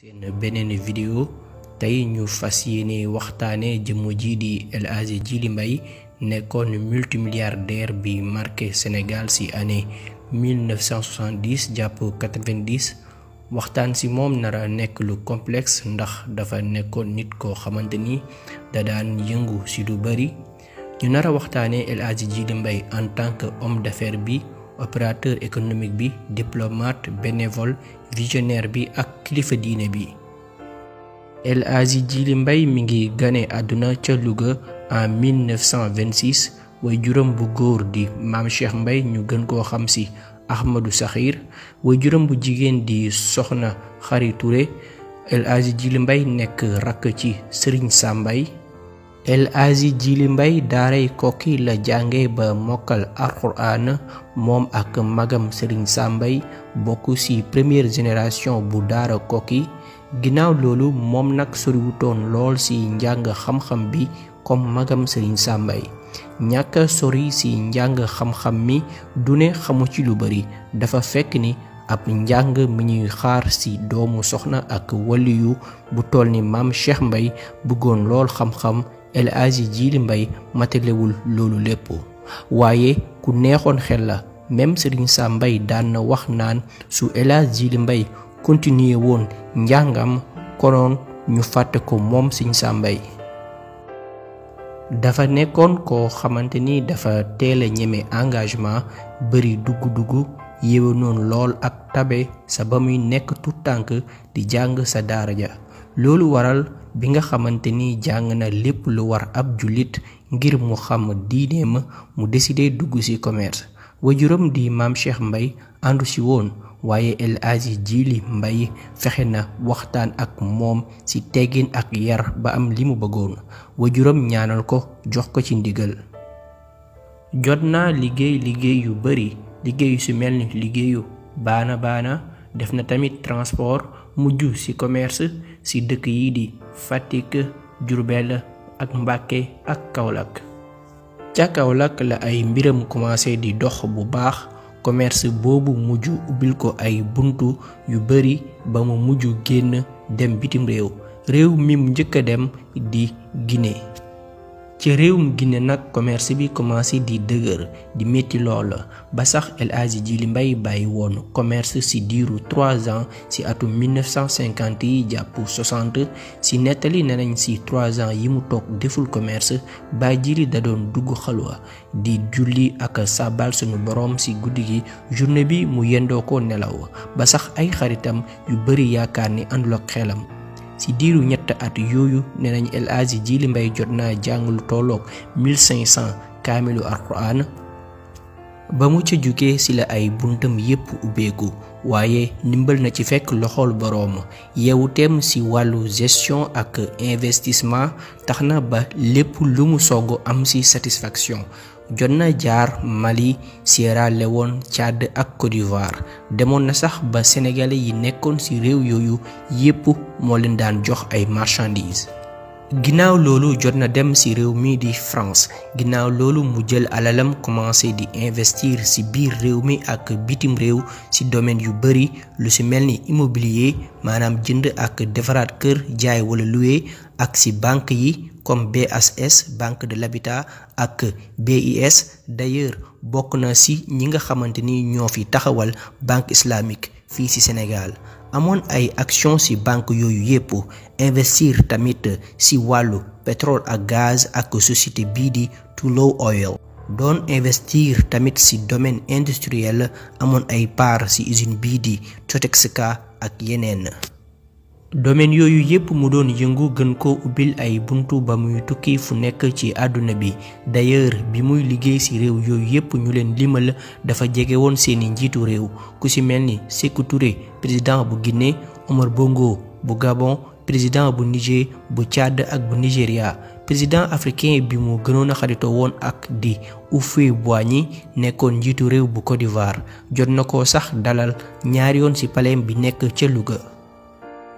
seen benen video, tay ñu fasiyene waxtane jëm ji di El Hadji Jili Mbaye nekkoon multimilliardaire bi marqué Senegal si année 1970 japp 90 waxtaan ci moom nara nekk lu complexe ndax dafa nekkoon nit ko xamante ni da daan yëngu ci du bari ñu nara waxtaane El Hadji Jili Mbaye en tant que homme d'affaires bi opérateur économique bi diplomate bénévole visionnaire bi ak kilifa diine bi El Hadji Djily Mbaye mi ngi gane àdduna ca Louga en 1926 way juróom bu góor di maam Cheikh mbay ñu gën koo xam si Ahmadou Sakhir way juróom bu jigéen di soxna Xari Touré El Hadji Djily Mbaye nekk rakk ci Serigne Sam Mbaye El Hadji Jili Mbay daaray kokki la jànge ba mokkal alxuraan moom ak magam Serigne Sàmbay bokk ci première génération bu daara kokki ginnaaw loolu moom nag soriwutoon lool ci njàng xam-xam bi comme magam Serigne Sàmbay ñàkk sori ci njàng xam-xam mi du ne xamu ci lu bari dafa fekk ni ab njàng mi ñuy xaar ci doomu soxna ak waliyu bu tool ni maam Cheikh Mbay bëggoon lool xam-xam El Hadji Djily mbay matalewul loolu lépp waaye ku neexoon xel la même Serigne sa mbay daan na wax naan su El Hadji Djily Mbaye continuer woon njàngam konoon ñu fàtte ko moom Serigne sa mbay dafa nekkoon koo xamante ni dafa teel a ñeme engagement bëri dugg-dugg yéwe noonu lool ak tabe sa ba muy nekk tout tànk di jàng sa daara ja loolu waral bi nga xamante ni jàng na lépp lu war ab julit ngir mu xam diineem mu décidé dugg ci commerce wajuram di maam cheikh mbay àndu ci woon waaye el aji jili mbay fexe na waxtaan ak moom ci teggin ak yar ba am li mu bëggoon wajuram ñaanal ko jox ko ci ndigal jot naa liggéey yu bari liggéeyu su mel ni bana, baana baana def na tamit transport mujj si commerce ci dëkk yi di Fatick Diourbel ak Mbacké ak Kaolack ca Kaolack la ay mbiram commencé di dox bu baax commerce boobu mujj ubbil ko ay buntu yu bari ba mu mujj génn dem bitim réew réew mi mu njëkk a dem di Guinée ci réewum Guinée nag commerce bi commencé di dëgër di métti la ba sax El Hadji Djily Mbaye bàyyi woon commerce ci diiru trois ans ci atum 1950 yi jàpp 60 ci nettali ne nañ ci trois ans yi mu toog deful commerce Baye Djily da doon dugg xalwa di julli ak sàbbal sunu boroom ci guddi gi journée bi mu yendoo ko nelaw ba sax ay xaritam yu bari yaakaar ni àndul ak xelam ci diiru ñett at yooyu ne nañ El Hadji Djily Mbaye jot naa jàng lu tolloog 1500 kaamilu alxuraan ba mu ca jógee ci la ay buntam yépp ubbeeku waaye ndimbal na ci fekk loxool boroom yeewu teem ci wàllu gestion ak investissement tax na ba lépp lu mu sogg am ci satisfaction jot na jaar Mali Sierra woon Tchad ak Côte d'Ivoire demoon na sax ba sénégalais yi nekkoon ci réew yooyu yépp moo leen daan jox ay marchandises. ginnaaw loolu jot na dem ci réew mi di France ginnaaw loolu mu jël alalam commencé di investir ci biir réew mi ak bitim réew ci domaine yu bari lu ci mel ni immobilier maanaam jënd ak defaraat kër jaay wala louer ak ci banque yi. comme BHS banque de l'habitat ak BIS d'ailleurs bokk na ci ñi nga xamante ni ñoo fi taxawal banque islamique fii ci Sénégal amoon ay action ci banque yooyu yépp investir tamit ci wàllu pétrole ak gaz ak société bii di Tullow Oil doon investir tamit ci domaine industriel amoon ay part ci usine bii di Totexka ak yeneen domaine yooyu yépp mu doon yëngu gën koo ubbil ay buntu ba muy tukki fu nekk ci àdduna bi d'ailleurs bi muy liggéey ci réew yooyu yépp ñu leen limal dafa jege woon seeni njiitu réew ku ci mel ni Sékou Touré président bu Guinée Omar Bongo bu Gabon président bu Niger bu càdd ak bu Nigeria président africain bi mu gënoon a xaritoo woon ak di Houphouët-Boigny nekkoon njiitu réew bu Côte d'Ivoire jot na ko sax dalal ñaari yoon ci palais bi nekk ca Louga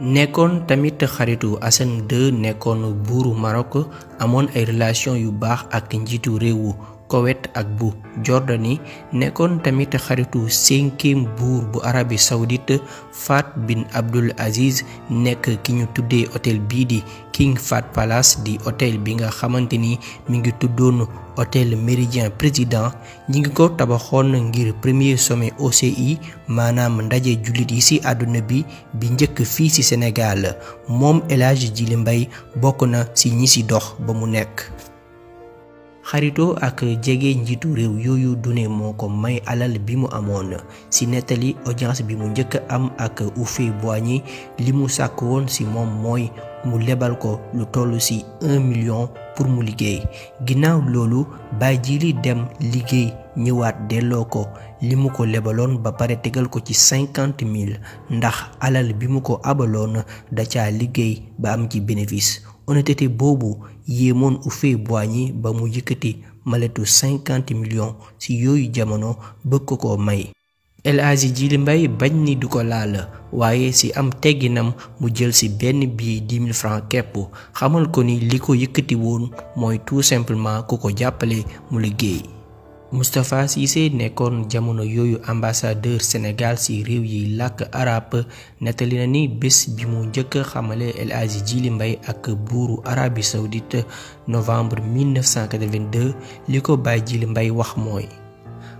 nekkoon tamit xaritu Hassan II nekkoon buuru Maroc amoon ay relation yu baax ak njiitu réewu kowet ak bu jordani Nekon tamit xaritu 5e buur bu arabie saoudite fat bin abdul aziz Nek ki ñu tuddee hôtel bii king fat palace di hôtel bi nga xamanteni mi ngi tuddoon hôtel meridien président ñi ngi ko tabaxone ngir premier sommet OCI manam ndaje julit yi ci aduna bi bi njëkk fi ci Sénégal mom elage Hadji Djily ci ñi ci dox ba mu nek xaritoo ak jege njiitu réew yooyu dune moo ko may alal bi mu amoon ci nettali audience bi mu njëkk am ak Houphouët-Boigny li mu sàkk woon ci moom mooy mu lebal ko lu toll ci un million pour mu liggéey ginnaaw loolu ji Djily dem liggéey ñëwaat delloo ko li mu ko lebaloon ba pare tegal ko ci cinquante mille ndax alal bi mu ko abaloon da ca liggéey ba am ci bénéfice honnêteté boobu yéemoon houphouët ñi ba mu yëkkati maletu 50 millions ci yooyu jamono bëgg ko ko may El ji Djily Mbaye bañ ni du ko laal waaye ci am tegginam mu jël ci benn billet 10 000 francs kepp xamal ko ni li ko yëkkati woon mooy tout simplement ku ko jàppale mu liggéey Moustapha Cissé nekkoon jamono yooyu ambassadeur Sénégal ci réew yi làkk arab nettali na ni bés bi mu njëkk xamale El Hadji mbay ak buuru Arabie Saoudite novembre 1982 li ko Baye Djily mbay wax mooy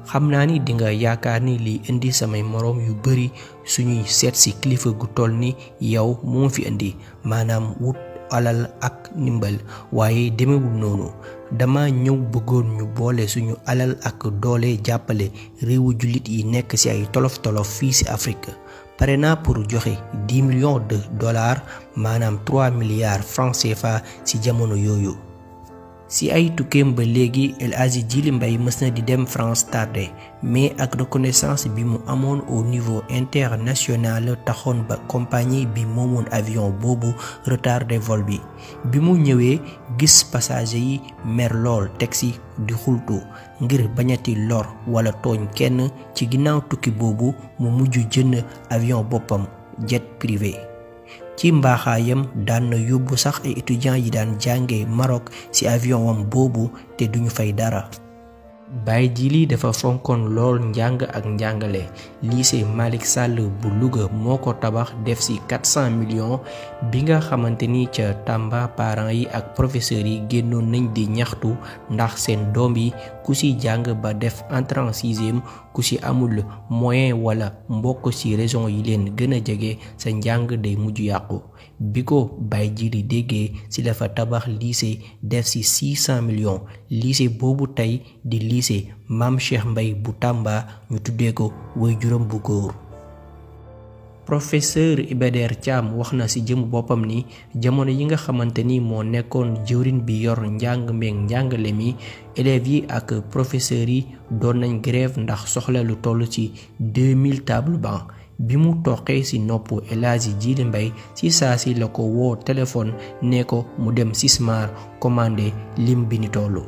xam naa ni dinga yaakaar ni liy indi samay moroom yu bari suñuy seet ci kilifa gu toll ni yow moom fi indi maanaam wut alal ak ndimbal waaye demewul noonu dama ñëw bëggoon ñu boole suñu alal ak doole jàppale réewu jullit yi nekk ci ay tolof-tolof fii ci Afrique pare naa pour joxe 10 millions de dollars maanaam 3 milliards francs fa ci jamono yooyu si ay tukkeem ba léegi El Hadji Djily Mbaye mës na di dem France tardé mais ak reconnaissance bi mu amoon au niveau international taxoon ba compagnie bi moomoon avion boobu retardé vol bi bi mu ñëwee gis passager yi mer lool teg taxi di xultu ngir bañati lor wala tooñ kenn ci ginnaaw tukki boobu mu mujj jënd avion boppam jet privé ci mbaaxaayam daan na yóbbu sax ay étudiants yi daan jànge Maroc ci avion wam boobu te duñu fay dara. Baye Djily dafa fonkoon lool njàng ak njàngale lycée Malick sàll bu Louga moo ko tabax def ci 400 millions bi nga xamante ni ca Tamba parents yi ak professeurs yi génnoon nañ di ñaxtu ndax seen doom yi ku ci jàng ba def entrée en ku ci amul moyen wala mbokk ci région yi leen gën a jege sa njàng day mujj yàqu bi ko Baye Djily déggee ci la fa tabax lycée def ci 600 millions lycée boobu tey di lycée maam Cheikh mbay bu Tamba ñu tuddee ko way juróom bu góor professeur Iba Der Thiam wax na ci jëmu boppam ni jamono yi nga xamante ni moo nekkoon jëwriñ bi yor njàng meek njàngale mi élèves yi ak professeurs yi doon nañ grève ndax soxla lu toll ci 2000 table banc bi mu toqee ci nopp El Hadji Djily Mbaye ci saa si la ko woo téléphone ne ko mu dem Sismar commandé lim bi ni toll.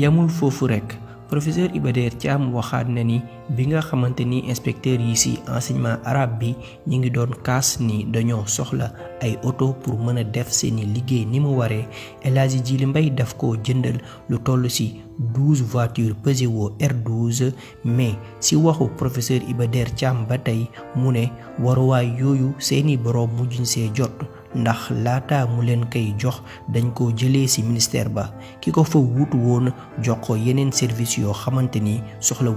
yamul foofu rekk. professeur Iba Der Thiam waxaat na ni bi nga xamante ni inspecteur yi ci enseignement arabe bi ñu ngi doon kaas ni dañoo soxla ay oto pour mën a def seeni liggéey ni mu waree El Hadji Djily Mbaye daf ko jëndal lu toll ci douze voitures Peugeot R12 mais ci waxu professeur Iba Der Thiam ba tey mu ne waruwaay yooyu seeni boroom mujjuñ see jot. ndax laata mu leen kay jox dañ ko jëlee si ministère ba ki ko fa wut woon jox ko yeneen service yoo xamante ni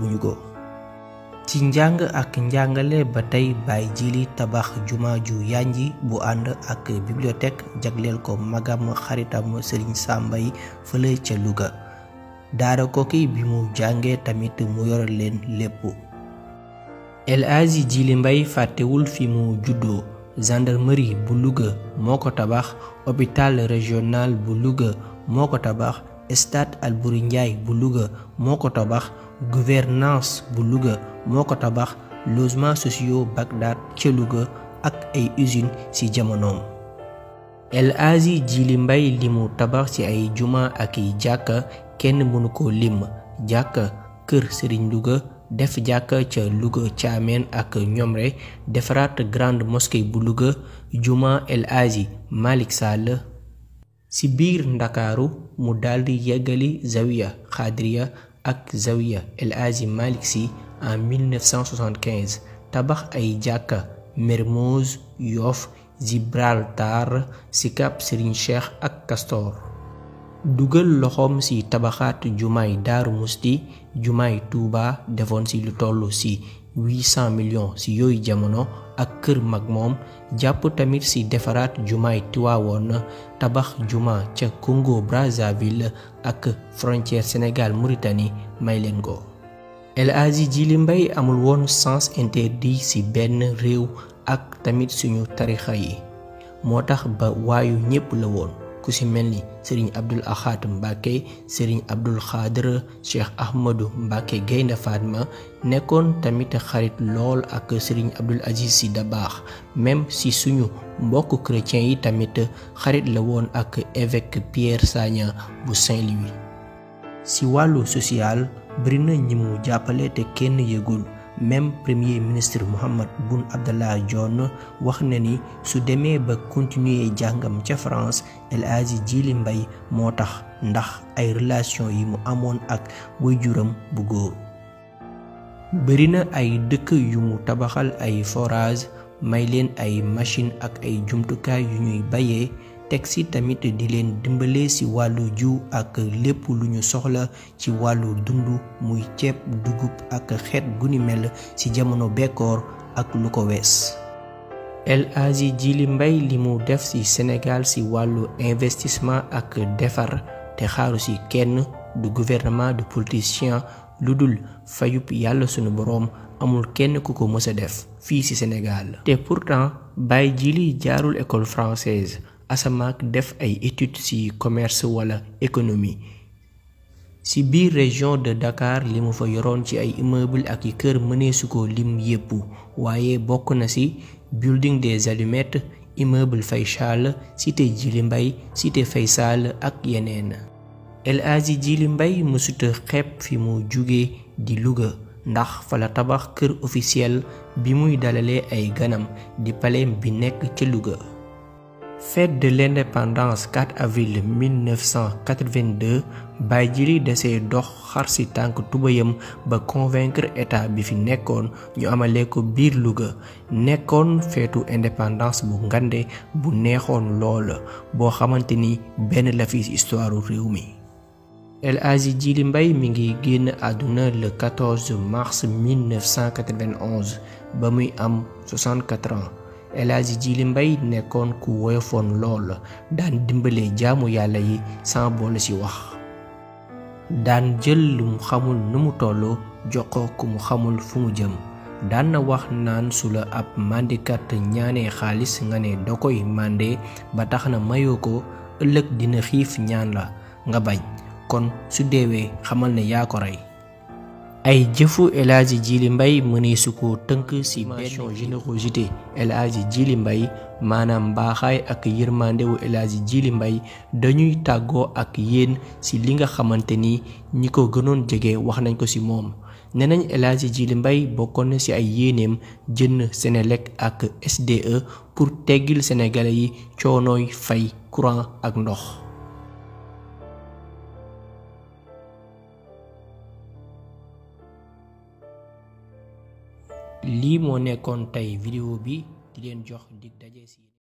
wuñu ko ci njàng ak njàngale ba tey bàyyi jili tabax juma ju yanji bu ànd ak bibliothèque jagleel ko magam xaritam sëriñ sàmbay fële ca luga daara koki bi mu jàngee tamit mu yoral leen lépp el azi jili mbay fàttewul fi mu juddoo gendarmerie bu Louga moo ko tabax hôpital régional bu Louga moo ko tabax stade Albouri Ndiaye bu Louga moo ko tabax gouvernance bu Louga moo ko tabax logement sociaux Bagdad ca Louga ak ay usine ci jamonoom El Hadji Djily Mbaye li mu tabax ci ay juma ak i jàkka kenn mënu ko lim jàkka kër Serigne Louga def jàkka ca Louga Thiamène ak Ñomre defaraat grande mosquée bu Louga juma El Hadji Malick Sall ci biir Ndakaaru mu daldi yeggali zawiya xaadiriya ak zawiya El Hadji Malick Sy en 1975 tabax ay jàkka Mermoz Yoff Gibraltar Sicap Serigne Cheikh ak Castor dugal loxoom ci tabaxaat jumaay daaru musti jumaay tuuba defoon ci lu toll ci 800 millions ci yooyu jamono ak kër mag moom jàpp tamit ci defaraat jumaay tiwaawoon tabax juma ca Congo Brazzaville ak frontière Sénégal Mauritanie may leen ko El Hadji Djily Mbaye amul woon sens interdit ci benn réew ak tamit suñu tarixa yi moo tax ba waayu ñépp la woon ku ci mel ni sëriñ Abdul ahaatu Mbacke sëriñ Abdul Xaadar Cheikh Ahmadou Mbacke Gaynde Fatma nekkoon tamit xarit lool ak sëriñ Abdul Aziz Sy baax même si suñu mbokk chrétien yi tamit xarit la woon ak évêque Pierre Sagna bu Saint-Louis. si wàllu social bari na ñi mu jàppale te kenn yëgul. même premier ministre Mohamed Boun Abdallah Dionne wax na ni su demee ba continuer jàngam ca France El Hadji Djily Mbaye moo tax ndax ay relation yi mu amoon ak waajuram bu góor bëri na ay dëkk yu mu tabaxal ay forage may leen ay machine ak ay jumtukaay yu ñuy bayee teg tamit di leen dimbale si wàllu jiw ak lépp lu ñu soxla ci wàllu dund muy ceeb dugub ak xeet gu ni mel ci jamono bekkoor ak lu ko El Aziz Djily Mbaye li def ci Sénégal si wàllu investissement ak defar te xaaru ken kenn du gouvernement de politicien l'udul dul fayub yàlla sunu Koko amul kenn ku ko a def fii ci Sénégal te pourtant Baye Djily jaarul école française Asamaak def ay études ci commerce wala économie ci biir région de Dakar li mu fa yoroon ci ay immeuble ak i kër mëneesukoo ko lim yépp waaye bokk na ci building des allumettes immeuble Fayçal cité Djily Mbaye cité Faysal ak yeneen El Hadji Djily Mbaye mësuta xeeb fi mu jóge di Louga ndax fa la tabax kër officiel bi muy dalalee ay ganam di paleem bi nekk ca Louga Fête de l'indépendance 4 avril 1982 Baye Djily d'or dox xar si ba convaincre état bi fi nekkoon ñu amalee ko biir Louga indépendance bu ngande bu neexoon lol bo ni la fi histoire rewmi. El Hadji Djily Mbaye mi ngi le 14 mars 1991 ba muy am 64 ans El jii Djily Mbaye nekkoon ku woyofoon lool daan dimbalee jaamu yàlla yi sans boole ci wax daan jël lu mu xamul nu mu toll jox ko mu xamul fu mu jëm daan na wax naan su la ab màndikat ñaane xaalis nga ne da koy màndee ba tax na mayoo ko ëllëg dina xiif ñaan la nga bañ kon su deewee xamal ne yaa ko rey ay jëfu El Hadji mbay Mbaye mëneesu ko tënk ci benn générosité El Hadji Djily Mbaye maanaam mbaaxaay ak yërmandewu El jiili Djily Mbaye dañuy tàggoo ak yéen ci li nga xamante ni ñi ko gënoon jege wax nañ ko ci moom nee nañ El mbay bokkoon na ci ay yéeneem jënd Senelec ak SDE pour teggil sénégalais yi coonooy fay courant ak ndox lii moo nekkoon tey vidéo bi di leen jox dig daje si